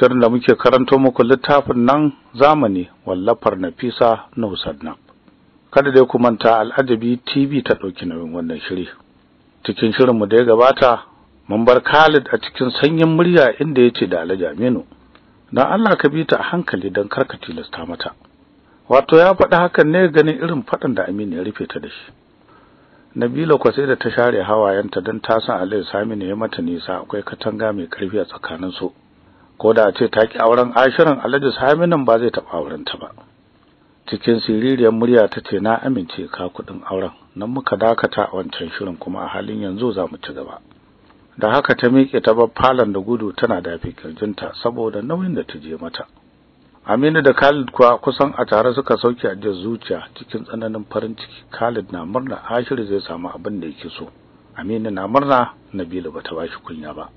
shirin da muke karanto muku littafin nan zamani wallafar Nafisa Nusadnab kada dai ku manta al'ajabi TV ta dauki nauyin wannan shiri cikin shirin mu da ya gabata mun bar Khalid a cikin sanyin murya inda yace da Alhaji Aminu dan Allah ka bi ta a hankali dan karka tilasta mata wato ya faɗi hakan ne ganin irin faɗin da Aminu ya rufe ta da shi Nabila kwasai sai da ta share hawayenta don ta san Alhaji Saminu ya mata nisa akwai katanga mai karfi a tsakaninsu ko da ce ta ki auren ashirin alhaji saminan ba zai taɓa auren ta ba cikin siririyar murya ta ce na amince ka kuɗin auren nan muka dakata a wancan shirin kuma a halin yanzu za mu ci gaba da haka ta miƙe ta bar falon da gudu tana dafe kirjinta saboda nauyin da ta je mata Aminu da Khalid kuwa kusan a tare suka sauke a zuciya cikin tsananin farin ciki Khalid na murna ashiru zai samu abin da yake so Aminu na murna Nabilu bata bashi kunya ba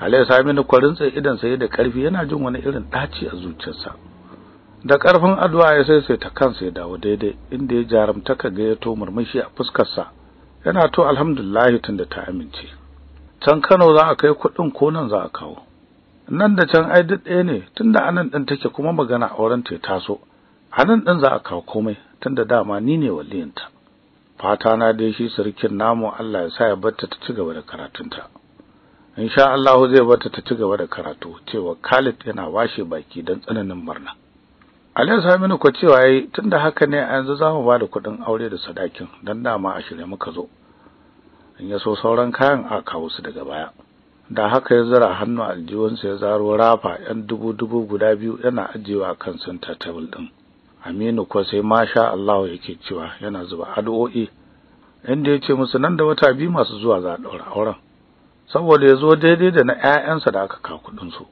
sami Saminu kwarin sai idan sai da karfi yana jin wani irin daci a zuciyarsa da karfin addu'a ya sai sai ta kansa ya dawo daidai inda ya jaramta ka ga ya to murmushi a fuskar sa yana to alhamdulillah tunda ta amince can Kano za a kai kuɗin ko nan za a kawo nan da can ai duk ɗaya ne tunda anan din take kuma magana auren ta taso anan din za a kawo komai tunda dama ni ne waliyinta fata na dai shi sarkin namu Allah ya sa ya barta ta ci gaba da karatunta In sha Allah zai bata ta ci gaba da karatu cewa Khalid yana washe baki don tsananin murna Aliyu Saminu ko cewa yayi tunda haka ne a yanzu zamu da kuɗin aure da sadakin dan dama a shirye muka zo in ya so sauran kayan a kawo su daga baya da haka ya zura hannu aljiwansa ya zaro rafa yan dubu dubu guda biyu yana ajiyewa kan center table ɗin. Aminu ko sai masha Allah yake cewa yana zuba addu'o'i inda yace musu nan da wata biyu masu zuwa za a daura auren saboda ya zo daidai da na 'ya'yansa da aka ka kuɗinsu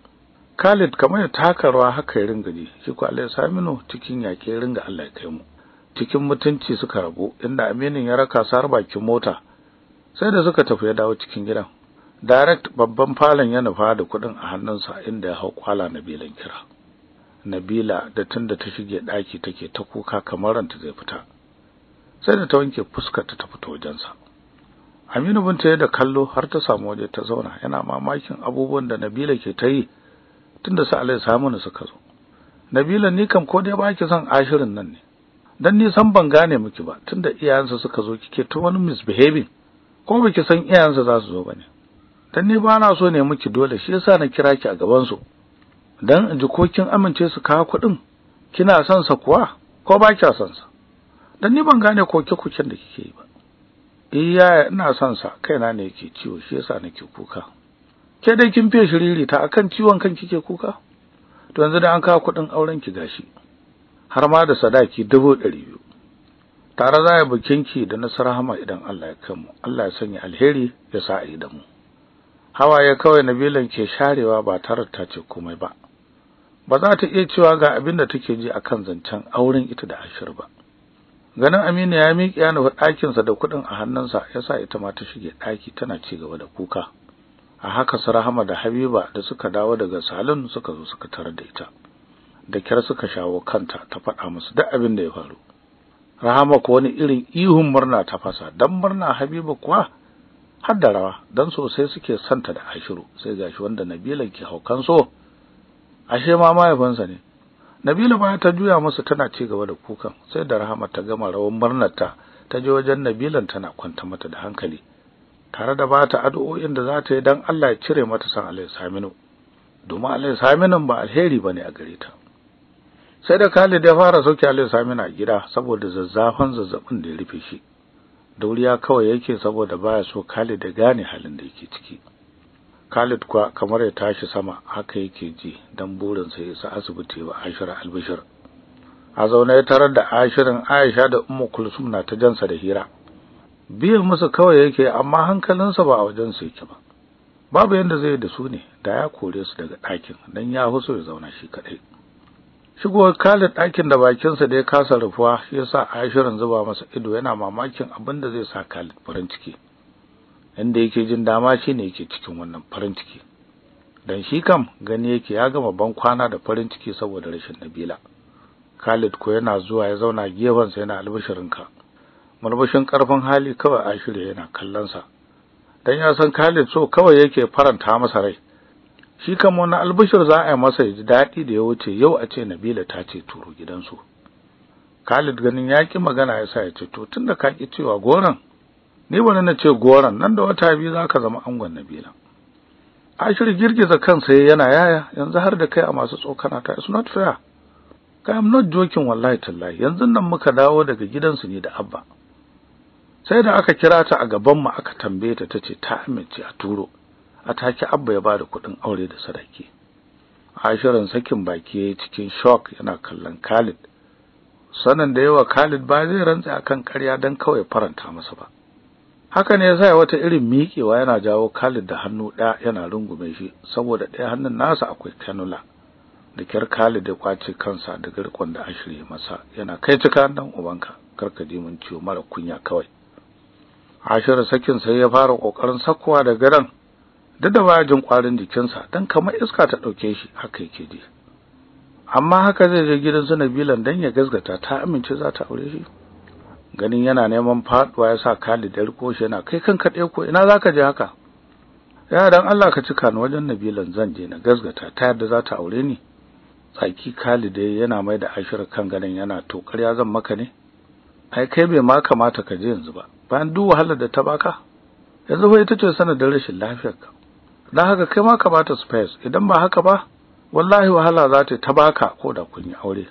Khalid kamar ya taka rawa haka ya ringa ji shi ko Allah ya cikin yake ringa Allah ya kai mu cikin mutunci suka rabu inda Aminu ya raka sar bakin mota sai da suka tafi ya dawo cikin gidan direct babban falon ya nufa da kuɗin a hannunsa inda ya hau kwala Nabilan kira Nabila da tunda ta shige ɗaki take ta kuka kamar ranta zai fita sai da ta wanke fuskar ta fito wajensa Aminu binta ya da kallo har ta samu waje ta zauna yana mamakin abubuwan da Nabila ke ta yi tunda su Alai Saminu suka zo. Nabila ni kam ko dai ba ki son ashirin nan ne. Dan ni san ban gane miki ba tunda iyayensa suka zo kike ta wani misbehaving ko baki san iyayensa za su zo bane. Dan ni ba na so ne miki dole shi yasa na kira ki a gaban su. Dan in ji ko kin amince su kawo kuɗin kina son sa kuwa ko ba kya son sa. Dan ni ban gane koke-koken da kike yi ba. eh yaya ina son sa kaina ne yake ciwo shi yasa nake kuka ke dai kin fiye shiriri ta akan ciwon kan kike kuka to yanzu da an kawo kuɗin auren ki gashi har ma da sadaki dubu ɗari biyu tare za a bikin ki da nasarar hama idan Allah ya kanmu Allah ya sanya alheri ya sa a yi da mu ya kawai nabilan ke sharewa ba tare ta ce komai ba ba za ta iya cewa ga abin da take ji akan zancen auren ita da ashir ba ganin Aminu ya miƙe ya nufi ɗakinsa da kuɗin a hannunsa ya sa ita ma ta shige ɗaki tana ci gaba da kuka a haka su Rahama da Habiba da suka dawo daga salon suka zo suka tarar da ita da kyar suka shawo kanta ta faɗa musu duk abin da ya faru Rahama ko wani irin ihun murna ta fasa dan murna Habiba kuwa har da rawa dan sosai suke santa da Ashiru sai gashi wanda Nabila ke haukan so ashe ma mahaifinsa ne Nabila baya ta juya musu tana ci gaba da kukan sai da Rahama ta gama rawan murnar ta je wajen Nabilan tana kwanta mata da hankali tare da bata addu'o'in da za ta yi dan Allah ya cire mata san Alai Saminu domin Alai Saminu ba alheri bane a gare ta sai da Khalid ya fara sauke Alai Saminu a gida saboda zazzafan zazzabin da ya rufe shi dauriya kawai yake saboda baya so Khalid ya gane halin da yake ciki Khalid kuwa kamar ya tashi sama haka yake ji dan burin sa isa asibiti ba al Albishir a zaune ya tarar da Ashirin Aisha da Ummu Kulsum na ta jansa da hira biyan musu kawai yake amma hankalinsa ba a wajen su yake ba babu yanda zai da su ne da ya kore su daga ɗakin dan ya huso ya zauna shi kadai shigowar Khalid ɗakin da bakinsa da ya kasa rufuwa yasa Aisha zuba masa ido yana mamakin abin da zai sa Khalid farin ciki inda yake jin dama shi ne yake cikin wannan farin ciki dan shi kam gani yake ya gama ban kwana da farin ciki saboda rashin Nabila Khalid ko yana zuwa ya zauna gefen sa yana albishirinka murmushin karfin hali kawai a shirye yana kallon sa dan ya san Khalid so kawai yake faranta masa rai shi kam wani albishir za a yi masa ya ji daɗi da ya wuce yau a ce Nabila ta ce turo gidansu Khalid ganin ya ki magana ya sa ya ce to tunda ka ki cewa goran ni bane na ce goran nan da wata biyu zaka zama angon na nabila ashir girgiza kansa yana yaya yanzu har da kai a masu tsokana ta is not fair kai am not joking wallahi tallahi yanzu nan muka dawo daga gidansu ne da abba sai da aka kira ta a gaban mu aka tambaye ta ce, ta amince a turo a take abba ya bada kuɗin aure da sadaki ashirin sakin baki yayi cikin shock yana kallon Khalid sanan da yawa Khalid ba zai rantsa akan ƙarya dan kawai faranta masa ba haka ne yasa wata irin miƙewa yana jawo Khalid da hannu ɗaya yana rungume shi saboda ɗaya hannun nasa akwai kanula da kyar Khalid ya kwace kansa daga rikon da ashirye masa yana kai cika dan ubanka karka je mun ciwo mara kunya kawai Ashirin sakin sai ya fara kokarin sakkowa da garan duk da baya jin kwarin jikinsa dan kamar iska ta dauke shi haka yake ji amma haka zai je gidan su Nabilan dan ya gasgata ta amince za ta aure shi ganin yana neman faɗuwa, ya sa Khalid ya riko shi yana kai kanka ɗaya ko ina za ka je haka ya dan Allah ka cika ni wajen Nabilan zan je na gazgata ta yadda za ta aure ni tsaki Khalid yana mai da ashir kan ganin yana to ƙarya zan maka ne ai kai bai ma kamata ka je yanzu ba bayan duk wahalar da ta baka yanzu fa ita ce sanadin rashin lafiyarka dan haka kai ma kamata space idan ba haka ba wallahi wahala za ta ta baka ko da kun yi aure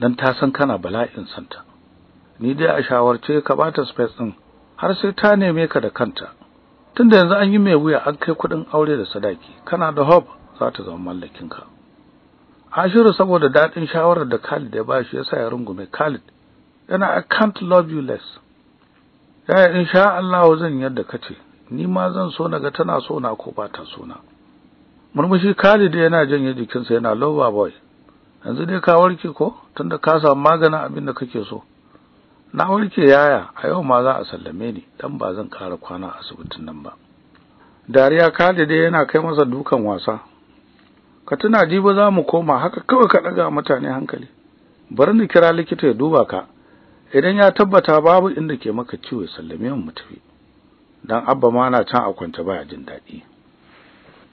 dan ta san kana bala'in santa ni dai a shawarce ka bata space din har sai ta neme ka da kanta tunda yanzu an yi mai wuya an kai kudin aure da sadaki kana da hope za ta zama mallakin ka Ashiru saboda dadin shawarar da Khalid ya bashi yasa ya rungume Khalid yana I can't love you less yaya insha Allah zan yadda kace ni ma zan so naga tana so na ko ba ta so na murmushi Khalid yana janye jikinsa yana lover boy yanzu dai ka warke ko tunda ka samu maganin abin da kake so na warke yaya a yau ma za a sallame ni dan ba zan kara kwana a asibitin nan ba dariya kada dai yana kai masa dukan wasa ka tuna jibi za mu koma haka kawai ka ɗaga mutane hankali bari ni kira likita ya duba ka idan ya tabbata babu inda ke maka ciwo ya sallame mu tafi dan abba ma na can a kwanta baya jin daɗi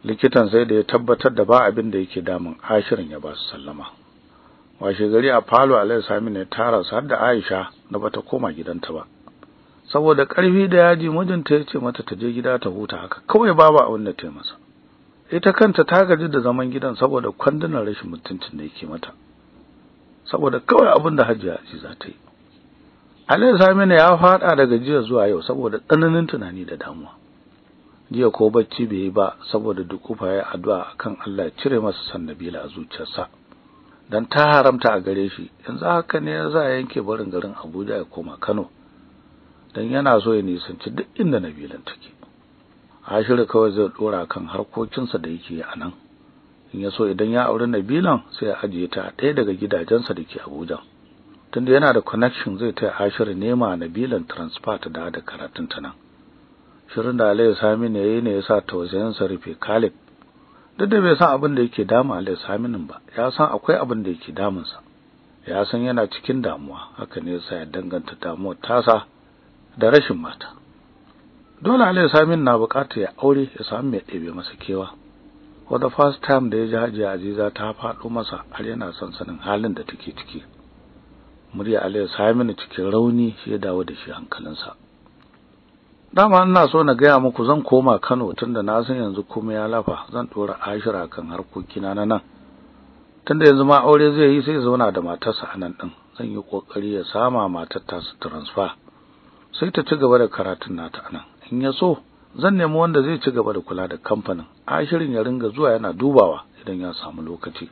likitan sai da ya tabbatar da ba abin da yake damun ashirin ya ba su sallama washe gari a falo alayhi sami ne tara su har da aisha na bata koma gidanta ba saboda karfi da yaji mijinta ya ce mata ta je gida ta huta haka kawai babu abin da ta masa ita kanta ta gaji da zaman gidan saboda kwandunan rashin mutuncin da yake mata saboda kawai abin da hajiya ci za ta yi alayhi sami ne ya faɗa daga jiya zuwa yau saboda tsananin tunani da damuwa jiya ko bacci bai yi ba saboda dukufa ya addu'a kan Allah ya cire masa sannabila a zuciyarsa dan ta haramta a gare shi yanzu haka ne za a yanke barin garin abuja ya koma kano Dan yana so ya nisanci duk inda nabilan take ashiru kawai zai dora kan harkokinsa da yake a nan in ya so idan ya auri nabilan sai ya ajiye ta ɗaya daga gidajensa da ke abuja tunda yana da connection zai taya ashiru nema nabilan transfer ta da karatun ta nan shirin da alayhi sami ne yayi ne yasa tausayin sa rufe Khalid duk da bai san abin da yake dama Alhaji Saminu ba ya san akwai abin da yake damunsa ya san yana cikin damuwa haka ne sa ya danganta damuwar tasa da rashin mata dole Alhaji Saminu na bukatar ya aure ya samu mai ɗebe masa kewa for the first time da ya ji Hajiya Aziza ta faɗo masa har yana son sanin halin da take ciki murya Alhaji Saminu cikin rauni shi ya dawo da shi hankalinsa dama ina so na gaya muku zan koma Kano tunda na san yanzu kuma ya lafa zan dora ashira kan harkokina na nan tunda yanzu ma aure zai yi sai zauna da matarsa a nan din zan yi kokari ya sama matar ta su transfer sai ta ci gaba da karatun nata anan nan in ya so zan nemi wanda zai ci gaba da kula da kamfanin ashirin ya ringa zuwa yana dubawa idan ya samu lokaci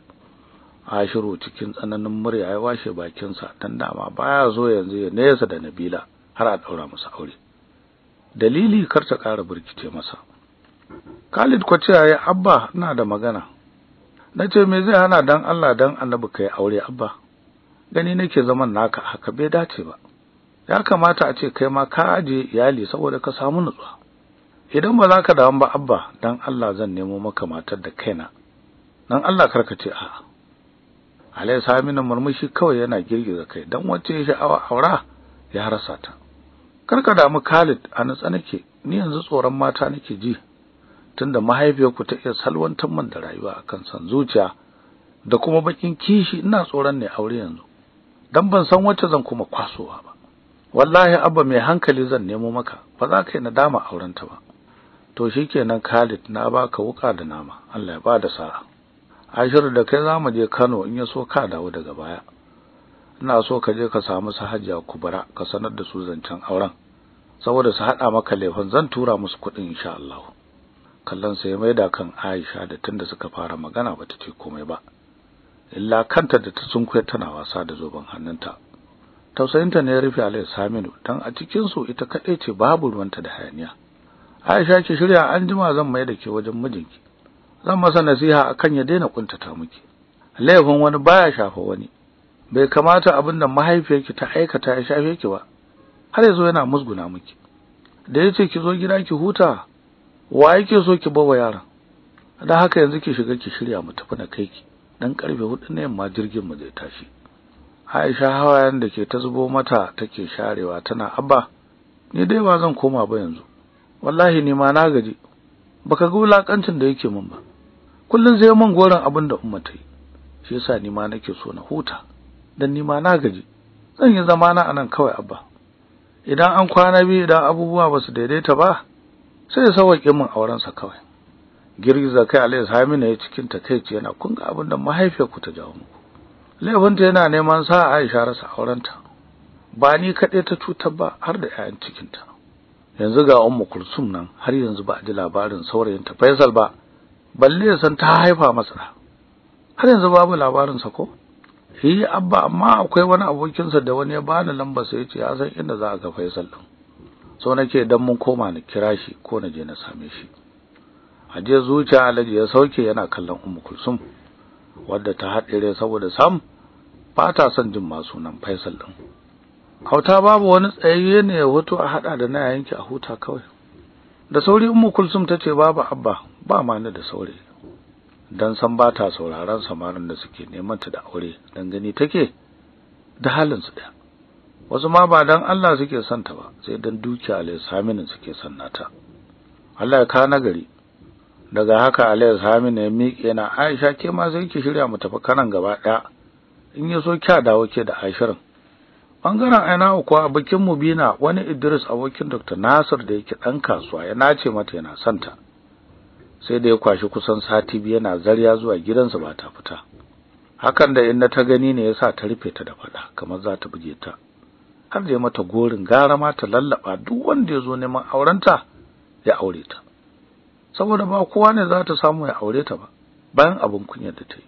ashiru cikin tsananin murya ya washe bakinsa dan dama baya zo yanzu ya nesa da Nabila har a daura musu aure dalili kar ta ƙara burkice masa Khalid kwace ya abba na da magana Na ce me zai hana dan Allah dan annabi yi aure abba gani nake zaman naka haka bai dace ba ya kamata a ce kai ma ka aje iyali saboda ka samu nutsuwa idan ba za ka dawo ba abba dan Allah zan nemo maka matar da kaina dan Allah ce a Alai Saminu murmushi kawai yana girgiza kai dan wacce sha'awa aura ya rasa ta karka damu Khalid a natsa nake ni yanzu tsoron mata nake ji tunda mahaifiyarku ta iya salwantar man da rayuwa akan san zuciya da kuma bakin kishi ina tsoron ne aure yanzu dan ban san wacce zan kuma kwasowa ba wallahi abba mai hankali zan nemo maka ba za ka yi nadama aurenta ba to shikenan Khalid na baka wuka da nama Allah ya ba da sa'a Ashiru da kai zamu je Kano in ya so ka dawo daga baya ina so ka je ka samu sahajja Kubra ka sanar da su zancen auren saboda su hada maka laifin zan tura musu kuɗin insha Allah kallon sai mai da kan Aisha da tunda suka fara magana bata ce komai ba illa kanta da ta sunkuya tana wasa da zoben hannunta tausayinta ne ya rufe alai Saminu dan a cikin su ita kadai ce babu ruwanta da hayaniya Aisha ki shirya an jima zan mai da ke wajen mijinki zan masa nasiha akan ya daina kuntata miki laifin wani baya shafa wani bai kamata abin da mahaifiyarki ta aikata ya shafe ki ba har yazo yana musguna miki da yace ki zo gida ki huta wa yake so ki bawa yaran da haka yanzu ki shiga ki shirya mu tafi na kai ki dan karfe hudu na yamma jirgin mu zai tashi Aisha hawayen da ke ta zubo mata take sharewa tana abba ni dai ba zan koma ba yanzu wallahi ni ma na gaji baka ga wulakancin da yake min ba kullun zai mun goran abin da umma ta yi shi yasa ni ma nake so na huta dan ni ma na gaji zan yi zamana anan kawai abba idan an kwana biyu idan abubuwa ba su daidaita ba sai ya sauwaƙe min aurensa kawai girgiza kai alayhi salamina ya cikin takeici yana kun ga abin da mahaifiyarku ta jawo muku laifinta yana neman sa aisha rasa aurenta ba ni kaɗai ta cutar ba har da 'ya'yan cikinta yanzu ga ummu kulsum nan har yanzu ba a ji labarin saurayinta faisal ba balle ya san ta haifa masa har yanzu babu labarin sa ko eh abba amma akwai wani abokinsa da wani ya bani lambar sai ce ya san inda za a ga Faisal din so nake dan mun koma ni kira shi ko na je na same shi A je zuciya alaji ya sauke yana kallon Ummu Kulsum wadda ta haɗire saboda sam fata ta son jin ma sunan Faisal din hauta babu wani tsayayye ne ya hoto a hada da na yayin ki a huta kawai da sauri Ummu Kulsum tace babu abba ba ma ni da sauri. don san ba ta sauraron samarin da suke neman ta da aure dangane gani take da halin su da wasu ma ba dan Allah suke son ta ba sai dan dukiya Alayhi Saminu suke son nata Allah ya ka nagari daga haka Alayhi Saminu ya miƙe yana Aisha ke ma sai ki shirya mu tafi kanan gaba ɗaya in ya so kya dawo ke da ashirin. bangaren aina uku a bikin mubina wani Idris abokin Dr Nasir da yake ɗan kasuwa ya nace mata yana son ta sai da ya kwashi kusan sati biyu yana zarya zuwa gidansa ba ta fita hakan da in na ta gani ne yasa ta rufe ta da fada kamar za ta buge ta har da mata gorin gara ma ta lallaba duk wanda ya zo neman aurenta ya aure ta saboda ba kowa ne za ta samu ya aure ta ba bayan abin kunya da ta yi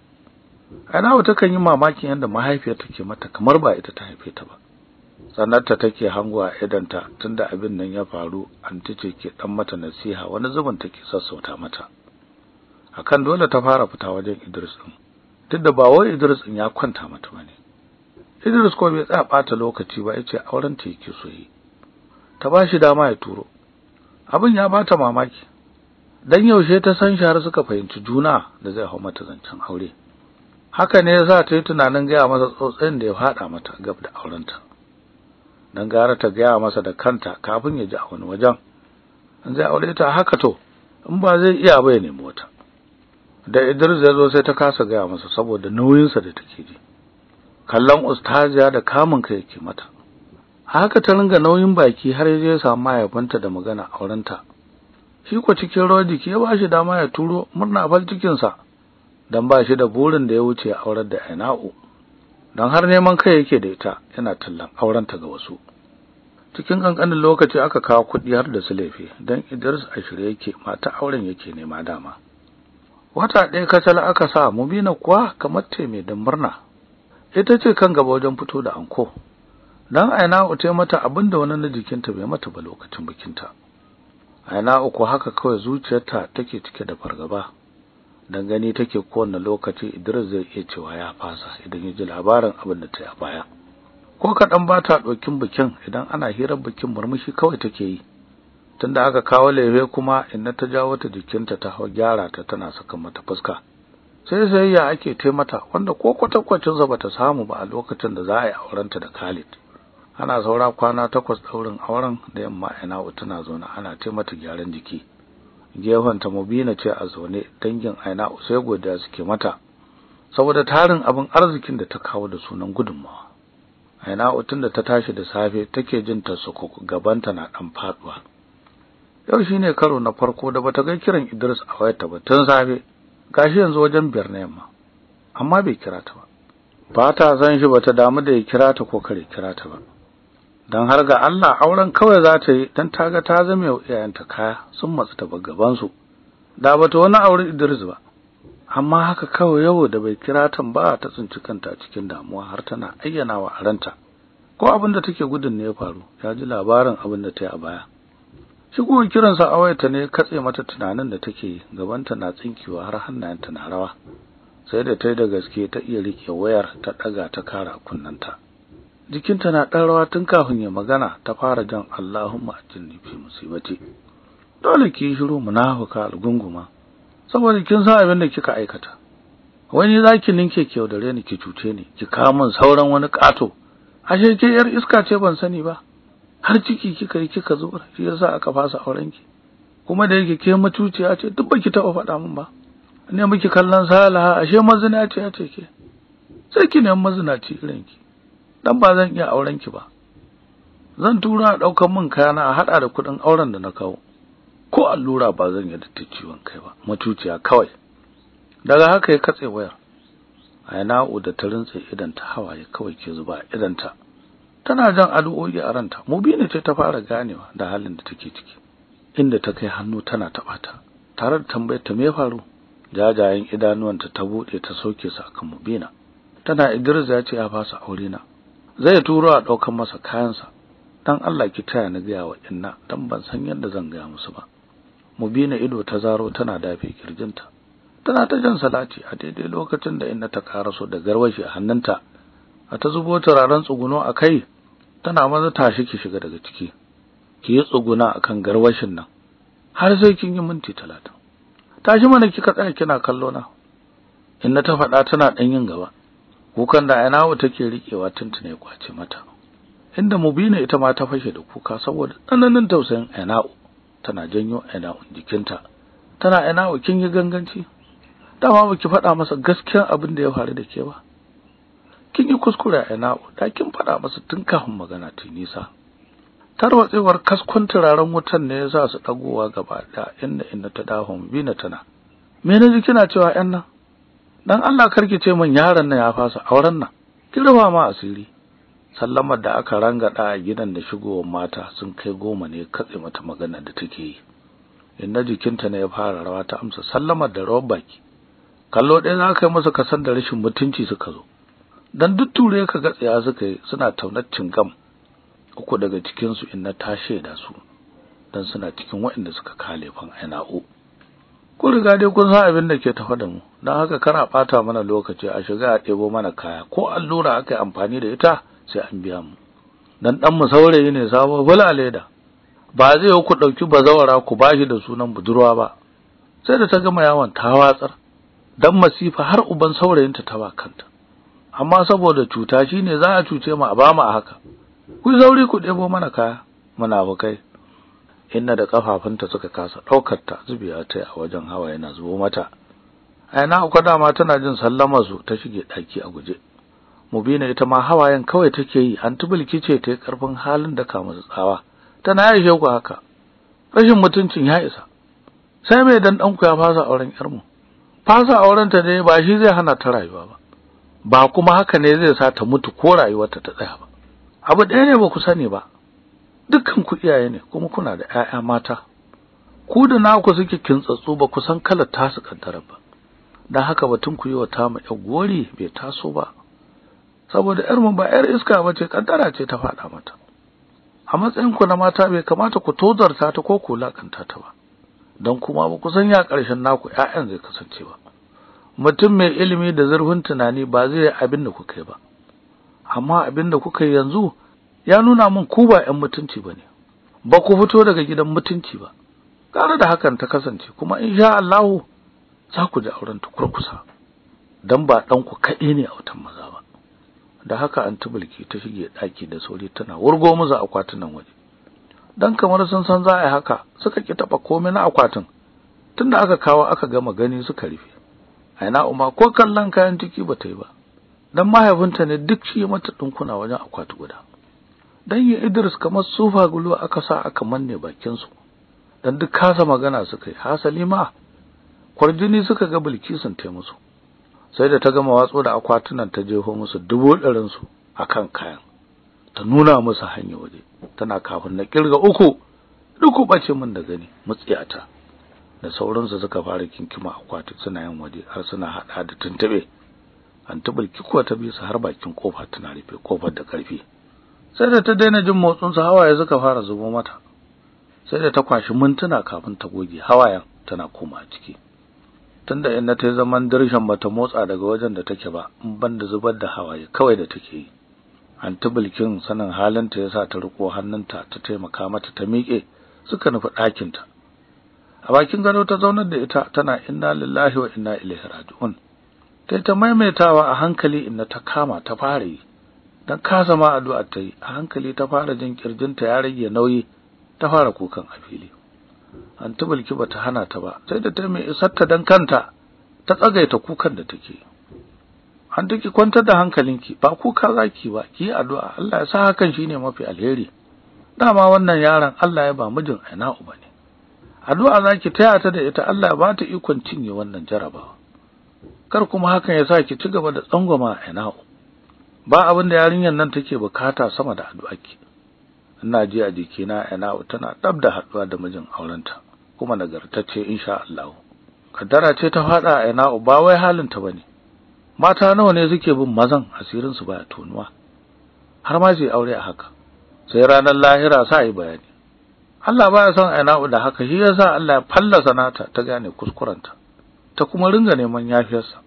wata takan yi mamakin yadda mahaifiyar ke mata kamar ba ita ta haife ta ba tsanarta take hango a idanta tunda abin nan ya faru anti ce ke dan mata nasiha wani zubin take sassauta mata akan dole ta fara fita wajen Idris din tunda ba wai Idris din ya kwanta mata bane Idris ko bai tsaya bata lokaci ba yace auren ta yake so yi ta bashi dama ya turo abin ya bata mamaki dan yaushe ta san shahar suka fahimci juna da zai hau mata zancen aure haka ne za ta yi tunanin gaya masa tsotsin da ya fada mata gab da aurenta dan gara ta gaya masa da kanta kafin ya ji a wani wajen in zai aure ta haka to in ba zai iya ba ya nemi wata da Idris ya zo sai ta kasa gaya masa saboda nauyinsa da take ji kallon ustaziya da kamun kai yake mata haka ta ringa nauyin baki har ya je samu mahaifinta da magana aurenta shi ko cikin rawar jiki ya ba shi dama ya turo murna fal cikinsa don ba shi da burin da ya wuce aurar da Aina'u don har neman kai yake da ita yana tallan aurenta ga wasu cikin kankanin lokaci aka kawo kuɗi har da su laifi don Idris a shirye yake mata auren yake nema dama wata ɗaya kacal aka sa mubina kuwa kamar te mai don murna ita ce kan gaba wajen fito da anko dan aina ute mata da wani na jikinta bai mata ba lokacin bikinta aina uku haka kawai zuciyarta take cike da fargaba dan gani take kowanne lokaci Idris zai iya cewa ya fasa idan ya ji labarin abin da ta yi a baya ko kaɗan ba ta ɗokin bikin idan ana hirar bikin murmushi kawai take yi tunda aka kawo lefe kuma inna ta jawo wata jikinta ta hau gyara ta tana saka mata fuska sai sai ya ake tai mata wanda ko ba bata samu ba a lokacin da za a yi aurenta da Khalid ana saura kwana takwas ɗaurin auren da yamma ina tana zaune ana tai mata gyaran jiki gefanta mubina ce a zaune dangin aina sai godiya suke mata saboda tarin abin arzikin da ta kawo da sunan gudunmawa aina utun da ta tashi da safe take jin ta suku gabanta na dan faduwa yau shine karo na farko da bata ga kiran Idris a wayarta ba tun safe gashi yanzu wajen biyar na yamma amma bai kira ta ba ba ta san shi bata damu da ya kira ta ko kare kira ta ba don har ga Allah auren kawai za ta yi don ta ga ta zame wa iyayenta kaya sun matsu ta gabansu da ba ta wani auren Idris ba amma haka kawai yau da bai kira tambaya ba ta tsinci kanta cikin damuwa har tana ayyana wa aranta ko abin da take gudun ne ya faru ya ji labarin abin da ta yi a baya kiran kiransa a wayarta ne katse mata tunanin da take yi gabanta na tsinkewa har hannayenta na rawa sai da ta yi da gaske ta iya rike wayar ta ɗaga ta kara kunnanta jikinta na ɗan rawa tun kafin ya magana ta fara jan Allahumma ajinni fi musibati dole ki shiru munafuka algunguma saboda kin san abin da kika aikata wani zaki ninke ki da ni ki cuce ni ki kawo min sauran wani kato ashe ke yar iska ce ban sani ba har ciki kika yi kika zo shi yasa aka fasa auren ki kuma da yake ke mutuciya ce duk baki taɓa faɗa min ba ne muke kallon salaha ashe mazina ce ce ke sai ki nemi mazinaci irin ki dan ba zan iya auren ki ba zan tura a ɗaukar min kayana a haɗa da kuɗin auren da na kawo ko allura ba zan yi da ta ciwon kai ba matuciya kawai daga haka ya katse wayar a da ta rintse idan ta hawaye kawai ke zuba idan ta tana jan addu'o'i a ranta mubina ce ta fara ganewa da halin da take ciki inda ta kai hannu tana tabata ta tare da tambayar ta me faru jajayen idanuwanta ta buɗe ta soke su akan mubina tana Idris ya ce a fasa aure na zai turo a ɗaukan masa kayansa dan Allah ki taya ni gaya wa inna dan ban san yadda zan gaya musu ba Mu mubina ido ta zaro tana dafe kirjinta tana ta jan salati a daidai lokacin da inna ta karaso da garwashi a hannunta a ta zubo turaren tsuguno a kai tana maza tashi ki shiga daga ciki ki yi tsuguna akan garwashin nan har sai kin yi minti talatin tashi mana kika tsaya kina kallo na inna ta faɗa tana ɗan yin gaba kukan da ainawa take rikewa tuntune ya kwace mata inda mu mubina ita ma ta fashe da kuka saboda tsananin tausayin ainawa tana janyo ainawa jikinta tana ainawa kin yi ganganci dama baki faɗa masa gaskiyar abin da ya faru da ke ba kin yi kuskure ainawa da kin faɗa masa tun kafin magana ta nisa tarwatsewar kaskon turaren wutan ne ya sa su ɗagowa gaba da inda inda ta mu bina tana me kina cewa yan nan dan Allah karki ce min yaron nan ya fasa auren nan kirba ma asiri sallamar da aka rangada a gidan da shigowar mata sun kai goma ne katse mata magana da take yi inna jikinta ne ya fara rawa ta amsa sallamar da rawar baki kallo ɗaya za ka yi masa kasan da rashin mutunci suka zo dan duk ture ka ga tsaya suka yi suna taunar cingam uku daga cikinsu inna ta shaida su dan suna cikin waɗanda suka kale fan aina'u kun riga dai kun san abin da ke tafa da mu don haka kana ɓata mana lokaci a shiga a ɗebo mana kaya ko allura aka yi amfani da ita sai an biya mu dan ɗan mu saurayi ne sabo bula leda ba zai ku ɗauki bazawara ku bashi da sunan budurwa ba sai da ta gama yawon ta watsar dan masifa har uban saurayinta ta ba kanta amma saboda cuta shi ne za a cuce mu a ba mu a haka ku sauri ku ɗebo mana kaya munafukai inna da kafafunta suka kasa daukar ta zubiya ta a wajen hawa yana zubo mata aina uku dama tana jin sallama su ta shige daki a guje Mu mubina ita ma hawayen kawai take yi an tubulki ce ta karfin halin da kama tsawa tana yi ku haka rashin mutuncin ya isa sai mai dan danku ya fasa auren yarmu fasa auren ta ne ba shi zai hana ta rayuwa ba ba kuma haka ne zai sa ta mutu ko rayuwarta ta tsaya ba abu ɗaya ne ba ku sani ba Dukkanku iyaye ne kuma kuna da ƴaƴa mata ku da naku suke kintsatsu ba ku san kalar tasu kaddara ba dan haka batun ku yi wa ta mu ƴar gori bai taso ba saboda ƴar mu ba ƴar iska ba ce kaddara ce ta faɗa mata a matsayin ku na mata bai kamata ku tozarta ta ko ku lakanta ta ba dan kuma ba ku san ya ƙarshen naku ƴaƴan zai kasance ba mutum mai ilimi da zurfin tunani ba zai yi abin da kuka yi ba amma abin da kuka yi yanzu ya nuna min ku ba ƴan mutunci bane ba ku fito daga gidan mutunci ba kare da hakan ta kasance kuma insha Allah za ku ji auren kurkusa. dan ba dan ku kade ne a wutan maza ba da haka anti bulki ta shige daki da sauri tana wurgo musu nan waje dan kamar sun san za a yi haka suka ki taɓa komai na akwatin tunda aka kawo aka gama gani suka rufe aina umma ko kallon kayan ciki ba ta yi ba dan mahaifinta ne duk shi mata dinkuna wajen akwati guda Dan yin Idris kamar sufa gulu aka sa aka manne bakin su dan duk kasa magana suka yi hasali ma kwarjini suka ga Bilkisun tai musu sai da ta gama watso da akwatunan ta jefo musu dubu ɗarin su akan kayan ta nuna musu hanya waje tana kafin na kirga uku duku bace min da gani mutsiyata da sauransu suka fara kinkima akwati suna yin waje har suna hada da tuntube an tubulki kuwa ta bi su har bakin kofa tana rufe kofar da karfi sai da ta daina jin motsinsa hawaye suka fara zubo mata sai da ta kwashi mintuna kafin ta goge hawayen tana koma ciki tunda inda ta yi zaman dirshan bata motsa daga wajen da take ba in banda zubar da hawaye kawai da take yi anti bilkin sanin halinta yasa ta riko hannunta ta taimaka mata ta miƙe suka nufi ɗakinta a bakin gado ta zaunar da ita tana inna lillahi wa inna ilaihi raji'un sai ta maimaitawa a hankali inna ta kama ta fara yi dan kasa ma addu'a ta yi a hankali ta fara jin kirjinta ya rage nauyi ta fara kukan a fili anti bilki bata hana ta ba sai da ta mai isar ta dan kanta ta tsagaita kukan da take an take kwantar da hankalinki ba kuka zaki ba ki addu'a Allah ya sa hakan shine mafi alheri dama wannan yaron Allah ya ba mijin aina uba ne addu'a zaki taya ta da ita Allah ya ba ta ikon cinye wannan jarabawa kar kuma hakan ya sa ki ci gaba da tsangwama aina uba ba abin da yarinyar nan take bukata sama da addu'a ki ina ji a jikina ina tana dab da haduwa da mijin aurenta kuma nagartacce insha Allah kaddara ce ta fada a ina ba wai halin ta bane mata nawa ne suke bin mazan asirin su baya tonuwa har ma sai aure a haka sai ranar lahira sa yi bayani Allah baya son ina da haka shi yasa Allah ya falla sanata ta gane kuskurenta ta kuma ringa neman yafiyarsa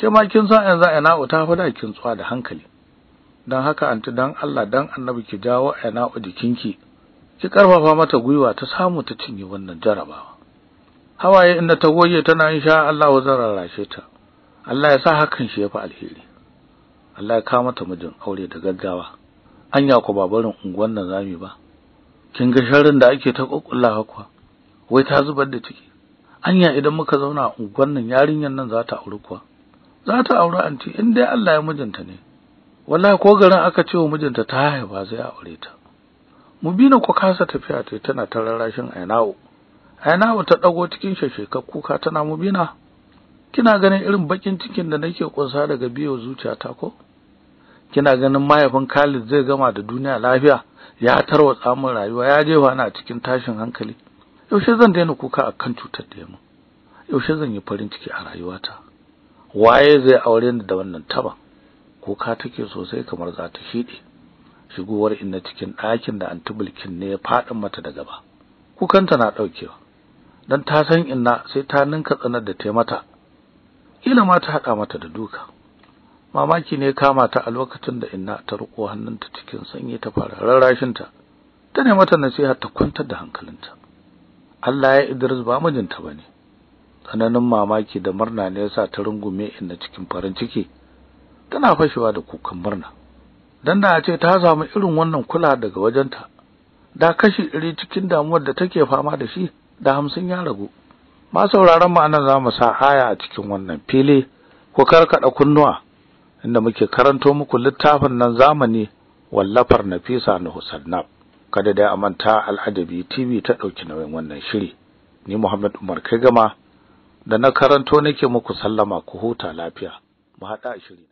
ke ma kin san yanzu ina ta fada kin tsuwa da hankali don haka anti dan Allah dan annabi ki jawo aina'u jikinki ki ƙarfafa mata gwiwa ta samu ta cinye wannan jarabawa hawaye inda ta goye tana insha Allah wa zararashe ta Allah ya sa hakan shi ya fi alheri Allah ya kawo mata mijin aure da gaggawa anya ku ba barin unguwan nan zami ba kin ga sharrin da ake ta kokkullawa kuwa wai ta zubar da ciki anya idan muka zauna a yarinyar nan za ta aure kuwa za ta aure anti in dai Allah ya mijinta ne wallahi ko garin aka ce wa mijinta ta haifa zai aure ta mubina ko kasa tafiya ta tana ta rarrashin ainawo ainawo ta dago cikin shesheka kuka tana mubina kina ganin irin bakin cikin da nake kunsa daga biyo zuciyata ko kina ganin mahaifin Khalid zai gama da duniya lafiya ya tarwa tsamin rayuwa ya je wa a cikin tashin hankali yaushe zan daina kuka akan cutar da yamma yaushe zan yi farin ciki a rayuwata waye zai aure ni da wannan taba kuka take sosai kamar za ta shide shigowar inna cikin ɗakin da antibulkin ne ya faɗin mata da gaba kukanta na ɗaukewa dan ta san inna sai ta ninka tsanar da tai mata kila ma ta haɗa mata da duka mamaki ne kama ta a lokacin da inna ta riko hannunta cikin sanyi ta fara rarrashinta ta ne mata nasiha ta kwantar da hankalinta Allah ya Idris ba mijinta bane tsananin mamaki da murna ne yasa ta rungume inna cikin farin ciki tana fashewa da kukan murna dan da ce ta samu irin wannan kula daga wajenta da kashi iri cikin damuwar da take fama da shi da hamsin ya ragu ma sauraron mu anan zamu sa haya a cikin wannan fili ku karkada kunnuwa inda muke karanto muku littafin nan zamani wallafar Nafisa na Husannab kada da amanta al'adabi TV ta dauki nauyin wannan shiri ni Muhammad Umar Kagama da na karanto nake muku sallama ku huta lafiya mu hada shiri